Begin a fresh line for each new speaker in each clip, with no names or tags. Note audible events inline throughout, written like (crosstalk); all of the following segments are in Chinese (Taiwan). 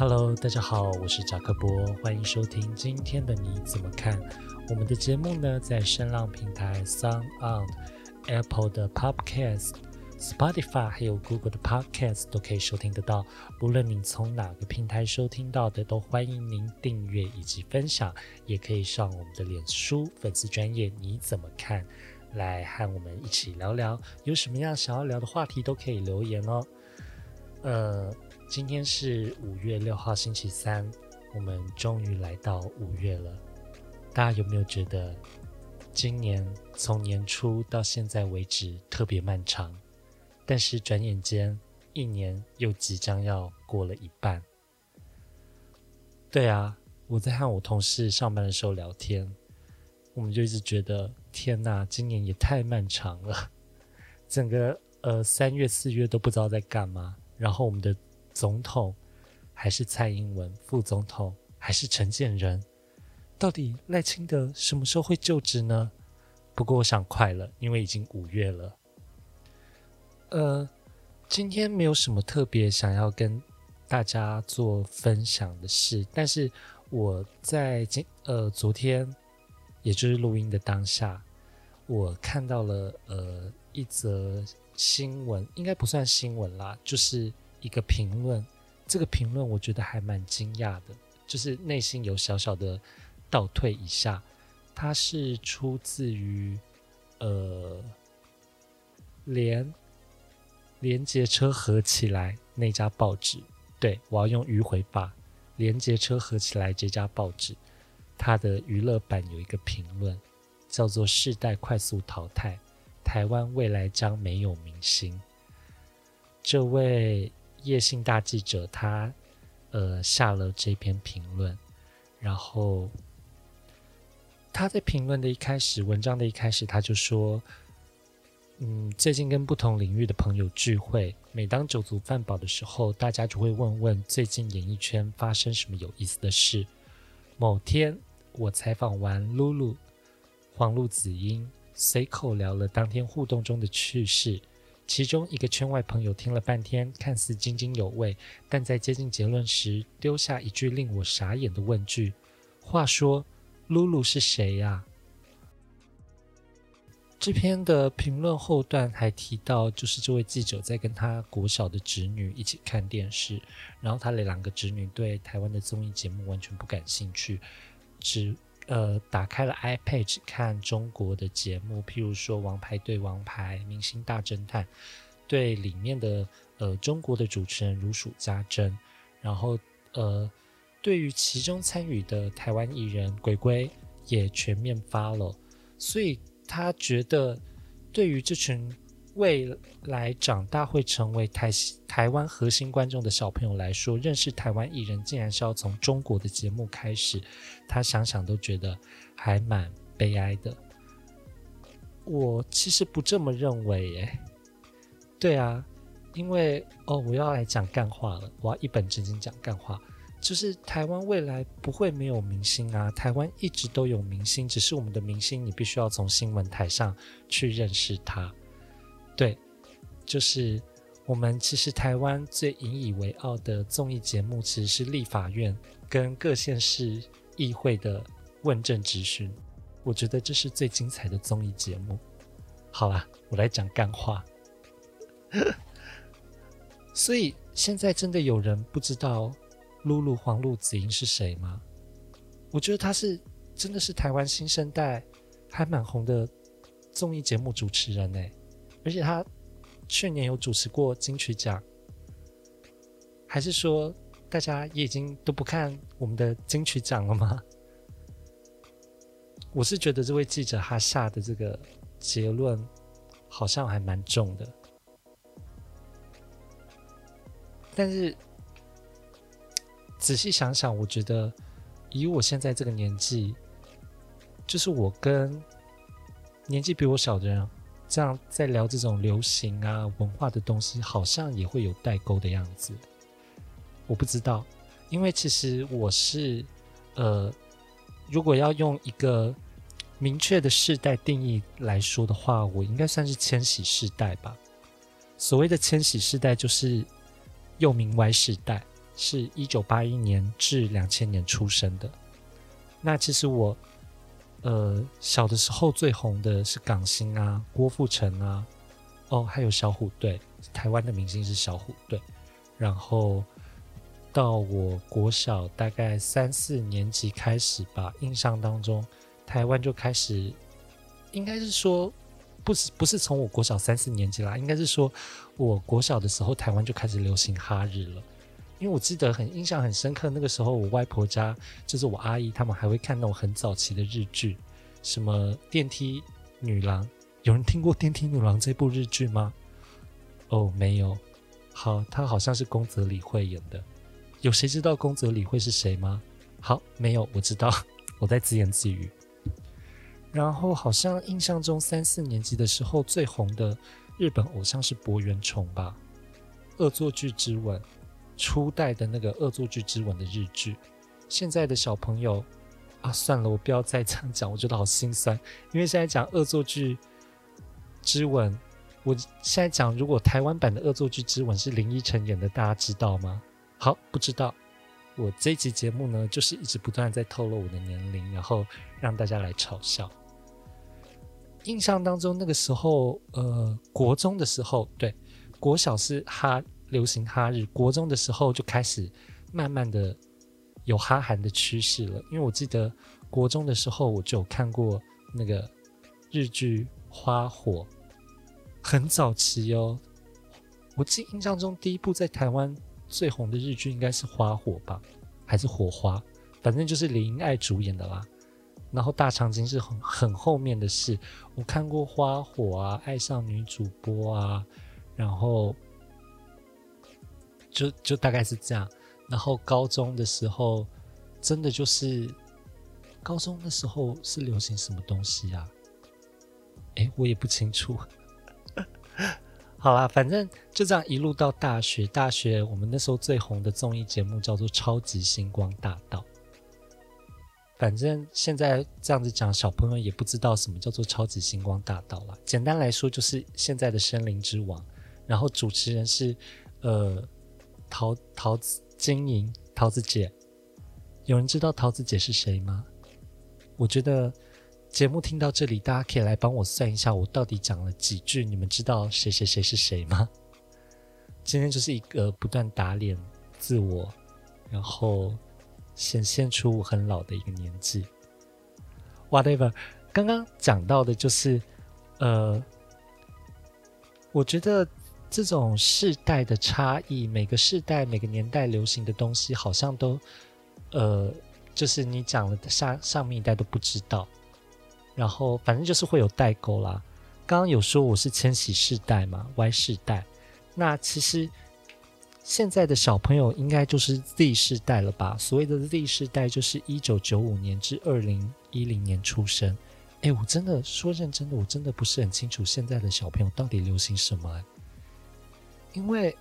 Hello，大家好，我是賈克博。歡迎收聽今天的你怎麼看？我們的節目呢，在聲浪平台、SoundOn、Apple 的 Podcast、Spotify 還有 Google 的 Podcast 都可以收聽得到。無論你從哪個平台收聽到的，都歡迎您訂閱以及分享，也可以上我們的臉書粉絲專頁你怎麼看來和我們一起聊聊，有什麼樣想要聊的話題都可以留言哦。呃，今天是五月六號，星期三，我們終於來到五月了。大家有沒有覺得今年從年初到現在為止特別漫長？但是轉眼間一年又即將要過了一半。對啊，我在和我同事上班的時候聊天，我們就一直覺得天吶，今年也太漫長了，整個呃三月四月都不知道在幹嘛。然後我們的總統還是蔡英文，副總統還是陳建仁，到底賴清德什麼時候會就職呢？不過我想快了，因為已經五月了。呃，今天沒有什麼特別想要跟大家做分享的事，但是我在今呃、昨天，也就是錄音的當下，我看到了呃、一則。新聞應該不算新聞啦，就是一個評論。這個評論我覺得還蠻驚訝的，就是內心有小小的倒退一下。它是出自於呃，連連接車合起來那家報紙。對，我要用迂迴法，連接車合起來這家報紙，它的娛樂版有一個評論，叫做“世代快速淘汰”。台灣未來將沒有明星。這位葉姓大記者他，他呃下了這篇評論，然後他在評論的一開始，文章的一開始，他就說：“嗯，最近跟不同領域的朋友聚會，每當酒足飯飽的時候，大家就會問問最近演藝圈發生什麼有意思的事。某天，我採訪完露露，黃路梓茵。”隨口聊了當天互動中的趣事，其中一個圈外朋友聽了半天，看似津津有味，但在接近結論時丟下一句令我傻眼的問句：“話說，露露是誰呀、啊？”這篇的評論後段還提到，就是這位記者在跟他國小的侄女一起看電視，然後他的兩個侄女對台灣的綜藝節目完全不感興趣，只。呃，打開了 iPad 看中國的節目，譬如說《王牌對王牌》《明星大偵探》，對裡面的呃中國的主持人如數家珍，然後呃，對於其中參與的台灣藝人鬼鬼也全面 follow，所以他覺得對於這群。未來長大會成為台台灣核心觀眾的小朋友來說，認識台灣藝人竟然是要從中國的節目開始，他想想都覺得還蠻悲哀的。我其實不這麼認為耶、欸。對啊，因為哦，我要來講幹話了，我要一本正經講幹話，就是台灣未來不會沒有明星啊，台灣一直都有明星，只是我們的明星你必須要從新聞台上去認識他。對，就是我們其實台灣最引以為傲的綜藝節目，其實是立法院跟各縣市議會的問政質詢。我覺得這是最精彩的綜藝節目。好啊，我來講幹話。 (laughs) 所以現在真的有人不知道 LULU、黃路梓茵是誰嗎？我覺得他是真的是台灣新生代還蠻紅的綜藝節目主持人呢、欸。而且他去年有主持過金曲獎，還是說大家也已經都不看我們的金曲獎了嗎？我是覺得這位記者他下的這個結論好像還蠻重的，但是仔細想想，我覺得以我現在這個年紀，就是我跟年紀比我小的人。這樣在聊這種流行啊文化的東西，好像也會有代溝的樣子。我不知道，因為其實我是，呃，如果要用一個明確的世代定義來說的話，我應該算是千禧世代吧。所謂的千禧世代，就是又名 Y 世代，是一九八一年至兩千年出生的。那其實我。呃，小的時候最紅的是港星啊，郭富城啊，哦，還有小虎隊。台灣的明星是小虎隊。然後到我國小大概三四年級開始吧，印象當中台灣就開始，應該是說不是不是從我國小三四年級啦，應該是說我國小的時候台灣就開始流行哈日了。因為我記得很印象很深刻，那個時候我外婆家就是我阿姨，他們還會看那種很早期的日劇，什麼《電梯女郎》，有人聽過《電梯女郎》這部日劇嗎？哦，沒有。好，她好像是宮澤理惠演的。有誰知道宮澤理惠是誰嗎？好，沒有，我知道。我在自言自語。然後好像印象中三四年級的時候最紅的日本偶像，是柏原崇吧，《惡作劇之吻》。初代的那個《惡作劇之吻》的日劇，現在的小朋友啊，算了，我不要再這樣講，我覺得好心酸。因為現在講《惡作劇之吻》，我現在講如果台灣版的《惡作劇之吻》是林依晨演的，大家知道嗎？好，不知道。我這期節目呢，就是一直不斷在透露我的年齡，然後讓大家來嘲笑。印象當中那個時候，呃，國中的時候，對，國小是哈。流行哈日，國中的時候就開始慢慢的有哈韓的趨勢了。因為我記得國中的時候我就有看過那個日劇《花火》，很早期哦。我記印象中第一部在台灣最紅的日劇應該是《花火》吧，還是《火花》？反正就是林愛主演的啦。然後大長今是很很後面的事。我看過《花火》啊，《愛上女主播》啊，然後。就就大概是這樣，然後高中的時候，真的就是，高中那時候是流行什麼東西啊？哎、欸，我也不清楚。 (laughs) 好啦，反正就這樣一路到大學。大學我們那時候最紅的綜藝節目叫做《超級星光大道》。反正現在這樣子講，小朋友也不知道什麼叫做《超級星光大道》啦。簡單來說，就是現在的聲林之王。然後主持人是，呃。桃桃子，經營桃子姐，有人知道桃子姐是誰嗎？我覺得節目聽到這裡，大家可以來幫我算一下，我到底講了幾句？你們知道誰誰誰是誰嗎？今天就是一個不斷打臉自我，然後顯現出我很老的一個年紀。Whatever，剛剛講到的就是，呃，我覺得。這種世代的差異，每個世代、每個年代流行的東西，好像都，呃，就是你講了的上上面一代都不知道，然後反正就是會有代溝啦。剛剛有說我是千禧世代嘛，Y 世代，那其實現在的小朋友應該就是 Z 世代了吧？所謂的 Z 世代就是一九九五年至二零一零年出生。哎、欸，我真的說認真的，我真的不是很清楚現在的小朋友到底流行什麼，欸。因為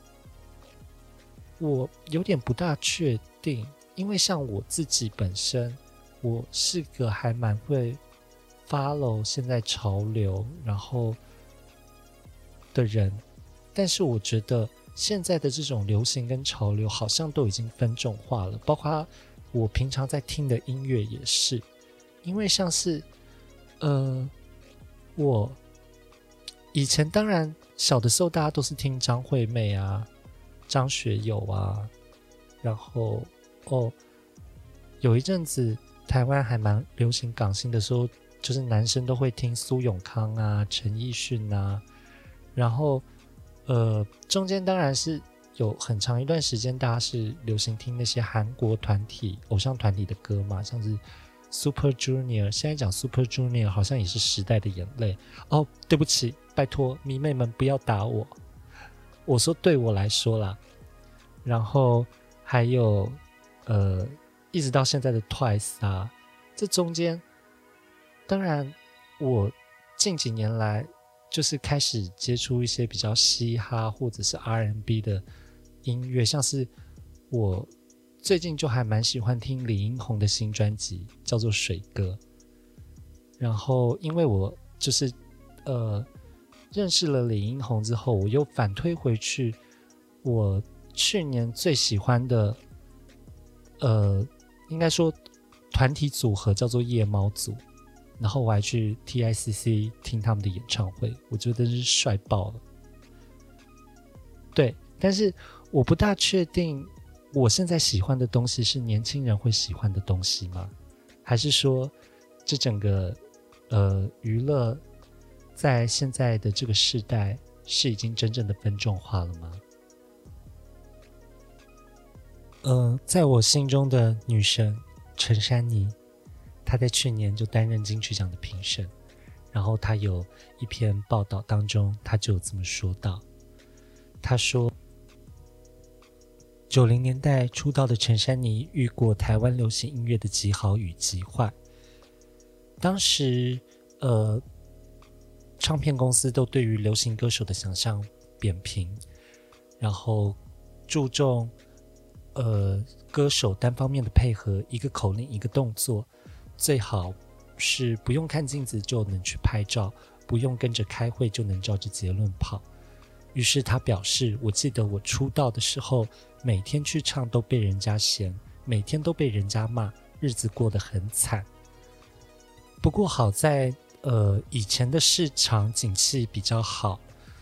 我有點不大確定，因為像我自己本身，我是個還蠻會 follow 現在潮流然後的人，但是我覺得現在的這種流行跟潮流好像都已經分眾化了，包括我平常在聽的音樂也是，因為像是呃我以前當然。小的時候，大家都是聽張惠妹啊、張學友啊，然後哦，有一陣子台灣還蠻流行港星的時候，就是男生都會聽蘇永康啊、陳奕迅啊，然後呃，中間當然是有很長一段時間，大家是流行聽那些韓國團體、偶像團體的歌嘛，像是。Super Junior，現在講 Super Junior 好像也是時代的眼淚。哦，對不起，拜託迷妹們不要打我。我說對我來說啦，然後還有呃，一直到現在的 Twice 啊，這中間，當然我近幾年來就是開始接觸一些比較嘻哈或者是 R&B 的音樂，像是我。最近就還蠻喜歡聽李英宏的新專輯，叫做《水歌》。然後，因為我就是呃，認識了李英宏之後，我又反推回去，我去年最喜歡的，呃，應該說團體組合叫做夜貓組。然後我還去 TICC 聽他們的演唱會，我覺得是帥爆了。對，但是我不大確定。我現在喜歡的東西是年輕人會喜歡的東西嗎？還是說，這整個呃娛樂在現在的這個時代是已經真正的分眾化了嗎？嗯、呃，在我心中的女神陳珊妮，她在去年就擔任金曲獎的評審，然後她有一篇報道當中，她就這麼說道，她說。九零年代出道的陳珊妮遇過台灣流行音樂的極好與極壞。當時，呃，唱片公司都對於流行歌手的想象扁平，然後注重，呃，歌手單方面的配合，一個口令一個動作，最好是不用看鏡子就能去拍照，不用跟着開會就能照着結論跑。於是他表示：“我記得我出道的時候，每天去唱都被人家嫌，每天都被人家罵，日子過得很慘。不過好在，呃，以前的市場景氣比較好，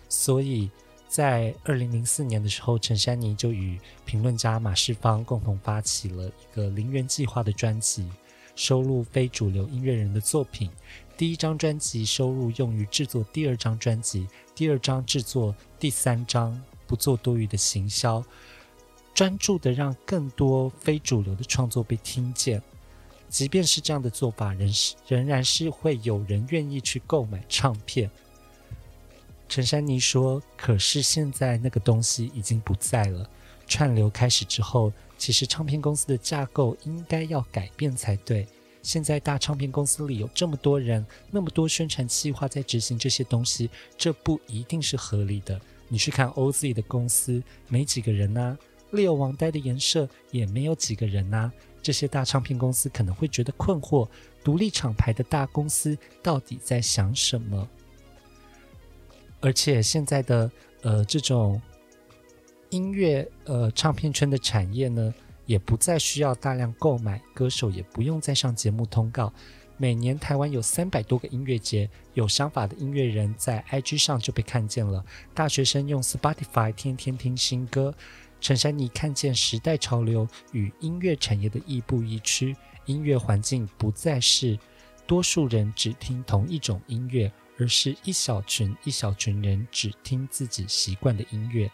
所以在二零零四年的時候，陳珊妮就與評論家馬世芳共同發起了一個‘零元計劃’的專輯，收錄非主流音樂人的作品。第一張專輯收入用於制作第二張專輯。”第二張製作，第三張不做多餘的行銷，專注的讓更多非主流的創作被聽見。即便是這樣的做法，仍是仍然是會有人願意去購買唱片。陳珊妮說：“可是現在那個東西已經不在了。串流開始之後，其實唱片公司的架構應該要改變才對。”現在大唱片公司裡有這麼多人，那麼多宣傳計劃在執行這些東西，這不一定是合理的。你去看 OZ 的公司，沒幾個人吶、啊，Leo 王呆的顏色也沒有幾個人吶、啊。這些大唱片公司可能會覺得困惑，獨立廠牌的大公司到底在想什麼？而且現在的呃，這種音樂呃唱片圈的產業呢？也不再需要大量購買，歌手也不用再上節目通告。每年台灣有三百多個音樂節，有想法的音樂人在 IG 上就被看見了。大學生用 Spotify 天天聽新歌。陳珊妮看見時代潮流與音樂產業的亦步亦趨，音樂環境不再是多數人只聽同一種音樂，而是一小群一小群人只聽自己習慣的音樂。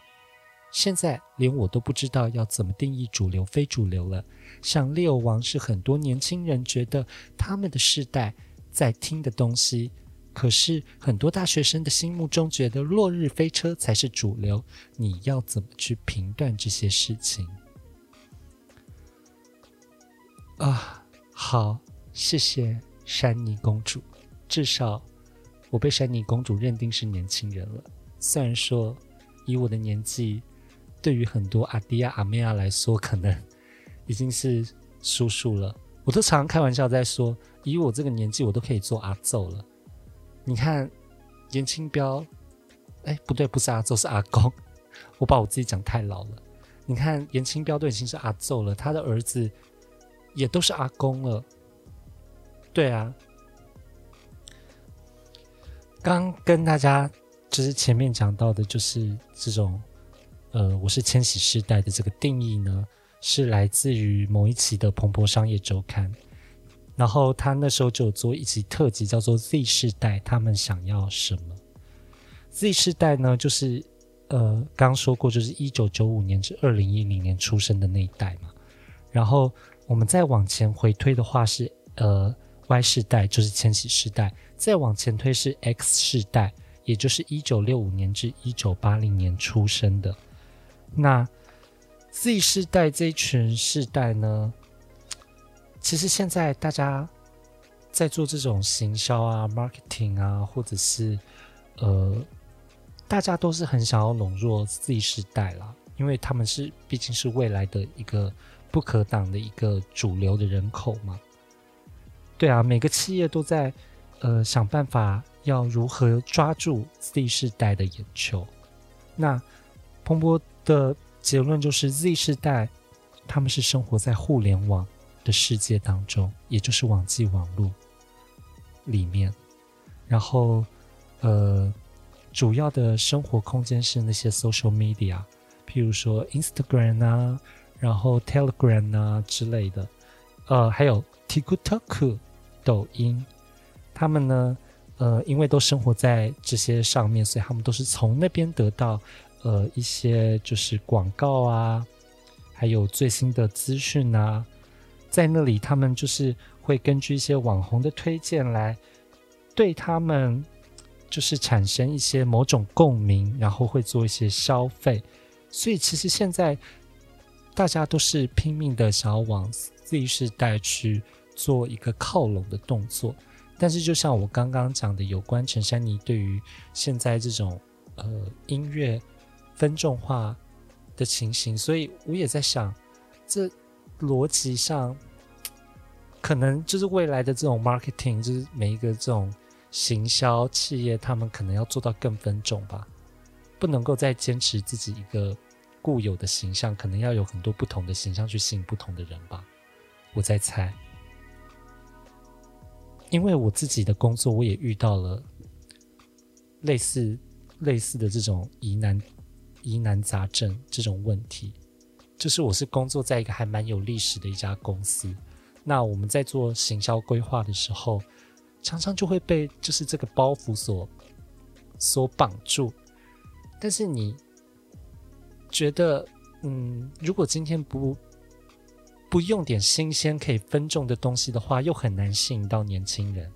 現在連我都不知道要怎麼定義主流非主流了。像《Leo 王》，是很多年輕人覺得他們的世代在聽的東西，可是很多大學生的心目中覺得《落日飛車》才是主流。你要怎麼去評斷這些事情？啊，好，謝謝珊妮公主。至少我被珊妮公主認定是年輕人了。雖然說以我的年紀。對於很多阿弟啊阿，阿妹啊來說，可能已經是叔叔了。我都常常開玩笑在說，以我這個年紀，我都可以做阿祖了。你看顏清標，哎、欸，不對，不是阿祖，是阿公。我把我自己講太老了。你看顏清標都已經是阿祖了，他的兒子也都是阿公了。對啊，剛跟大家就是前面講到的，就是這種。呃，我是千禧世代的這個定義呢，是來自於某一期的《彭博商業周刊》，然後他那時候就有做一期特輯，叫做《Z 世代他們想要什麼》。Z 世代呢，就是呃，剛剛說過，就是一九九五年至二零一零年出生的那一代嘛。然後我們再往前回推的話是，是呃 Y 世代，就是千禧世代；再往前推是 X 世代，也就是一九六五年至一九八零年出生的。那 Z 世代這一群世代呢？其實現在大家在做這種行銷啊、marketing 啊，或者是呃，大家都是很想要籠絡 Z 世代啦，因為他們是畢竟是未來的一個不可擋的一個主流的人口嘛。對啊，每個企業都在呃想辦法要如何抓住 Z 世代的眼球。那彭博的結論就是，Z 世代他們是生活在互聯網的世界當中，也就是網際網路裡面。然後，呃，主要的生活空間是那些 social media，譬如說 Instagram 啊，然後 Telegram 啊之類的，呃，還有 TikTok 抖音。他們呢，呃，因為都生活在這些上面，所以他們都是從那邊得到。呃，一些就是廣告啊，還有最新的資訊啊，在那裡他們就是會根據一些網紅的推薦來對他們就是產生一些某種共鳴，然後會做一些消費。所以其實現在大家都是拼命的想要往 Z 世代去做一個靠攏的動作，但是就像我剛剛講的，有關陳珊妮對於現在這種呃音樂。分眾化的情形，所以我也在想，這邏輯上可能就是未來的這種 marketing，就是每一個這種行銷企業，他們可能要做到更分眾吧，不能夠再堅持自己一個固有的形象，可能要有很多不同的形象去吸引不同的人吧。我在猜，因為我自己的工作，我也遇到了類似類似的這種疑難。疑難雜症這種問題，就是我是工作在一個還蠻有歷史的一家公司，那我們在做行銷規劃的時候，常常就會被就是這個包袱所所綁住。但是你覺得，嗯，如果今天不不用點新鮮可以分眾的東西的話，又很難吸引到年輕人。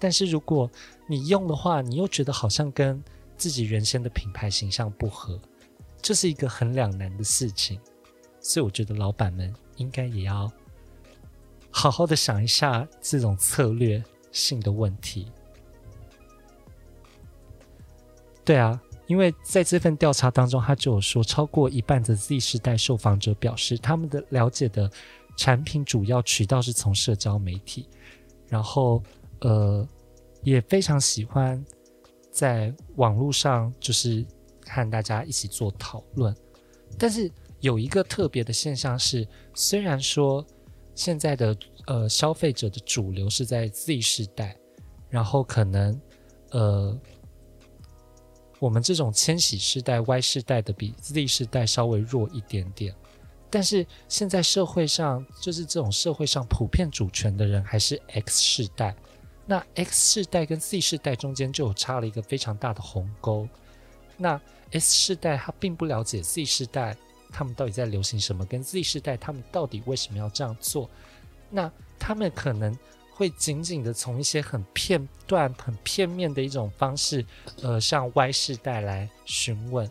但是如果你用的話，你又覺得好像跟自己原先的品牌形象不合。這是一個很兩難的事情，所以我覺得老闆們應該也要好好的想一下這種策略性的問題。對啊，因為在這份調查當中，他就有說，超過一半的 Z 世代受訪者表示，他們的了解的產品主要渠道是從社交媒體，然後呃也非常喜歡在網絡上就是。和大家一起做討論，但是有一個特別的現象是，雖然說現在的呃消費者的主流是在 Z 世代，然後可能呃我們這種千禧世代 Y 世代的比 Z 世代稍微弱一點點，但是現在社會上就是這種社會上普遍主權的人還是 X 世代，那 X 世代跟 Z 世代中間就有差了一個非常大的鴻溝，那。S, S 世代他並不了解 Z 世代他們到底在流行什麼，跟 Z 世代他們到底為什麼要這樣做，那他們可能會僅僅的從一些很片段、很片面的一種方式，呃，向 Y 世代來詢問，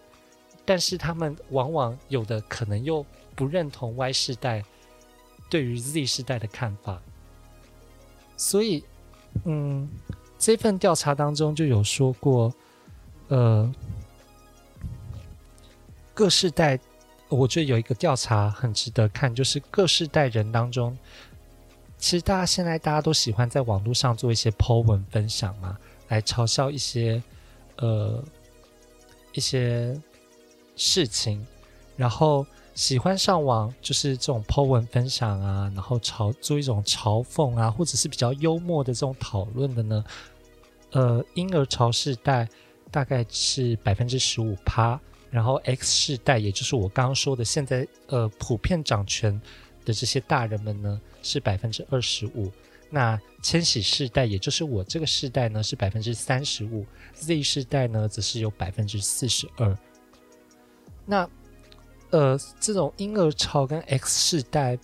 但是他們往往有的可能又不認同 Y 世代對於 Z 世代的看法，所以，嗯，這份調查當中就有說過，呃。各世代，我覺得有一個調查很值得看，就是各世代人當中，其實大家現在大家都喜歡在網絡上做一些 po 文分享嘛，來嘲笑一些呃一些事情，然後喜歡上網就是這種 po 文分享啊，然後嘲做一種嘲諷啊，或者是比較幽默的這種討論的呢，呃，嬰兒潮世代大概是百分之十五趴。然後 X 世代，也就是我剛剛說的，現在呃普遍掌權的這些大人們呢，是百分之二十五。那千禧世代，也就是我這個世代呢，是百分之三十五。Z 世代呢，則是有百分之四十二。那呃，這種嬰兒潮跟 X 世代，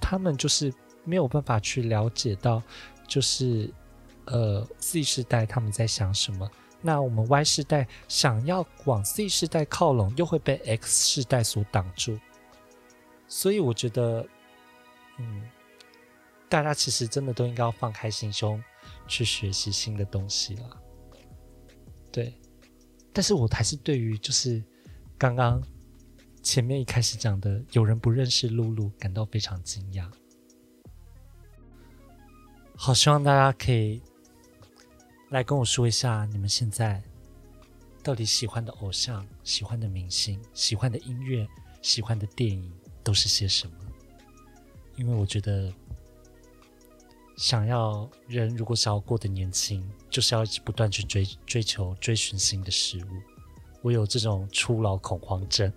他們就是沒有辦法去了解到，就是呃 Z 世代他們在想什麼。那我們 Y 世代想要往 Z 世代靠攏，又會被 X 世代所擋住，所以我覺得，嗯，大家其實真的都應該放開心胸去學習新的東西啦。對，但是我還是對於就是剛剛前面一開始講的有人不認識露露感到非常驚訝。好，希望大家可以。來跟我說一下，你們現在到底喜歡的偶像、喜歡的明星、喜歡的音樂、喜歡的電影都是些什麼？因為我覺得，想要人如果想要過得年輕，就是要一直不斷去追追求、追尋新的事物。我有這種初老恐慌症。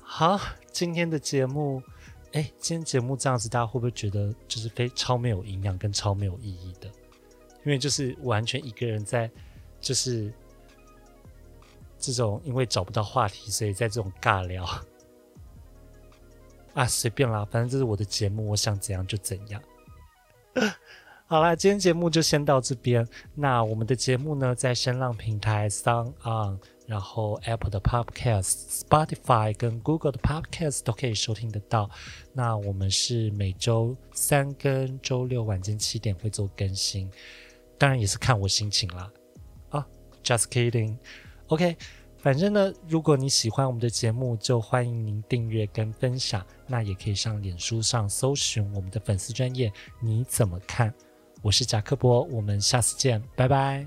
好，今天的節目，哎，今天節目這樣子，大家會不會覺得就是非，超沒有營養跟超沒有意義的？因為就是完全一個人在，就是這種因為找不到話題，所以在這種尬聊啊，隨便啦，反正這是我的節目，我想怎樣就怎樣。 (laughs) 好啦，今天節目就先到這邊。那我們的節目呢，在聲浪平台 Sound On，然後 Apple 的 Podcast、Spotify 跟 Google 的 Podcast 都可以收聽得到。那我們是每周三跟周六晚間七點會做更新。當然也是看我心情啦，啊，oh，just kidding，OK，okay，反正呢，如果你喜歡我們的節目，就歡迎您訂閱跟分享，那也可以上臉書上搜尋我們的粉絲專頁。你怎麼看？我是賈克博，我們下次見，拜拜。